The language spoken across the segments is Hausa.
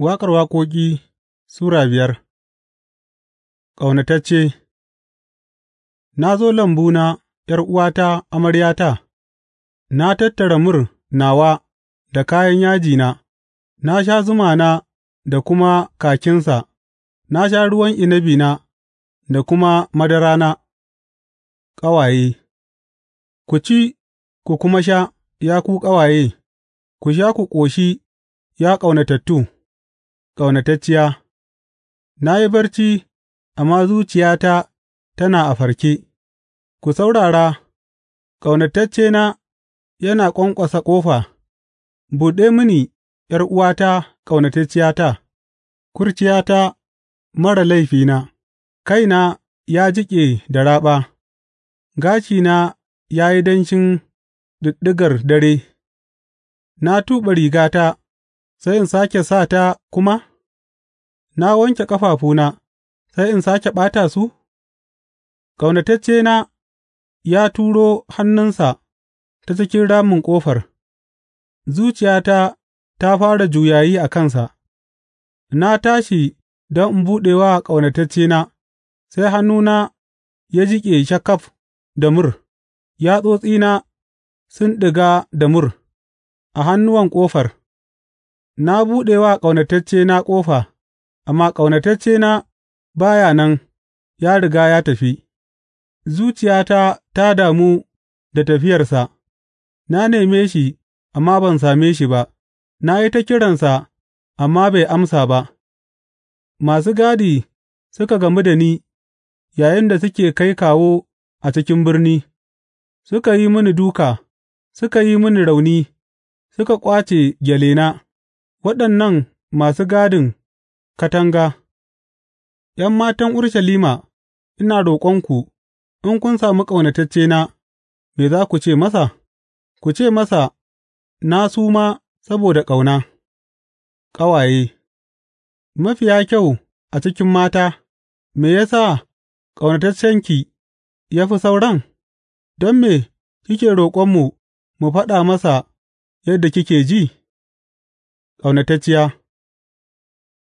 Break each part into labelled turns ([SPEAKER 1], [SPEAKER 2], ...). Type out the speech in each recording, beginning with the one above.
[SPEAKER 1] Waƙar Waƙoƙi Sura biyar Ƙaunatacce Na zo lambuna, ’yar'uwata, amaryata, na tattara mur nawa da kayan yajina, na sha zumana da kuma kakinsa, na sha ruwan inabina da kuma madarana. Ƙawaye Ku ci, ku kuma sha, ya ku ƙawaye, ku sha ku ƙoshi, ya ƙaunatattu. Ƙaunatacciya Na yi barci, amma zuciyata tana a farke; ku saurara, ƙaunataccena yana ƙwanƙwasa ƙofa, Buɗe mini, ’yar'uwata ƙaunatacciyata, kurciyata mara laifina; kaina ya jiƙe da raɓa, gashina ya yi danshin ɗiɗɗigar dare, na tuɓe rigata. sai in sāke sa ta kuma? Na wanke ƙafafuna, sai in sāke ɓata su? Ƙaunataccena ya turo hannunsa ta cikin ramin ƙofar, zuciyata ta fara juyayi a kansa, na tashi don in buɗe wa ƙaunataccena, sai hannuna ya jiƙe shakaf da mur, tsotsina sun ɗiga da mur a hannuwan ƙofar. Na buɗe wa ƙaunataccena ƙofa, amma ƙaunataccena ba ya nan, ya riga ya tafi; zuciyata ta damu da tafiyarsa, na neme shi amma ban same shi ba, na yi ta kiransa amma bai amsa ba; masu gadi suka gamu da ni yayinda suke kai kawo a cikin birni, suka yi mini duka, suka yi mini rauni, suka ƙwace gyalena. Waɗannan masu gadin katanga, ’yan matan Urushalima, ina roƙonku, in kun sami ƙaunataccena, me za ku ce masa? Ku ce masa, Na suma saboda ƙauna. Ƙawaye Mafiya kyau a cikin mata, me ya sa ƙaunataccenki ya fi sauran? Don me kike roƙonmu mu faɗa masa yadda kike ji? Ƙaunatacciya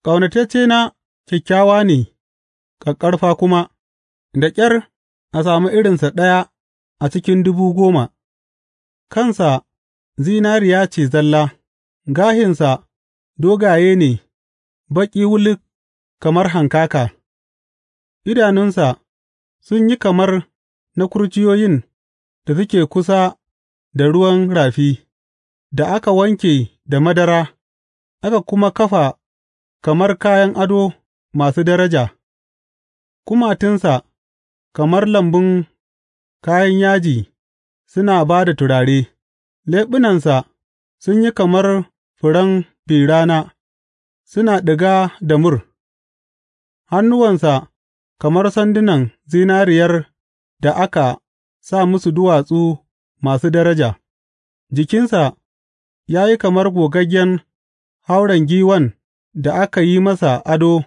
[SPEAKER 1] Ƙaunataccena kyakkyawa ne, ƙaƙƙarfa kuma, da ƙyar a sami irinsa ɗaya a cikin dubu goma, kansa zinariya ce zalla, gashinsa dogaye ne, baƙi wuluk kamar hankaka, idanunsa sun yi kamar na kurciyoyin da suke kusa da ruwan rafi, da aka wanke da madara aka kuma kafa kamar kayan ado masu daraja, kumatunsa kamar lambun kayan yaji suna ba da turare, leɓunansa sun yi kamar furen bi suna ɗiga da mur, hannuwansa kamar sandunan zinariyar da aka sa musu duwatsu masu daraja, jikinsa ya yi kamar gogaggen hauren giwan da aka yi masa ado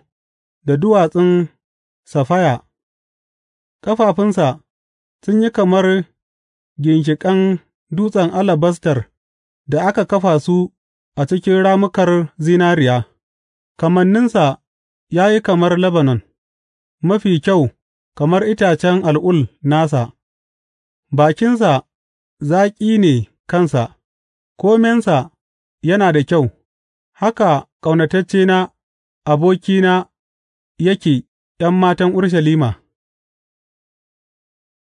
[SPEAKER 1] da duwatsun safaya. ƙafafunsa sun yi kamar ginshiƙan dutsen alabastar da aka kafa su a cikin ramukar zinariya, kamanninsa ya yi kamar Lebanon, mafi kyau kamar itacen al'ul nasa, bakinsa zaƙi ne kansa, komensa yana da kyau. Haka ƙaunataccena, abokina, yake ’yan matan Urushalima.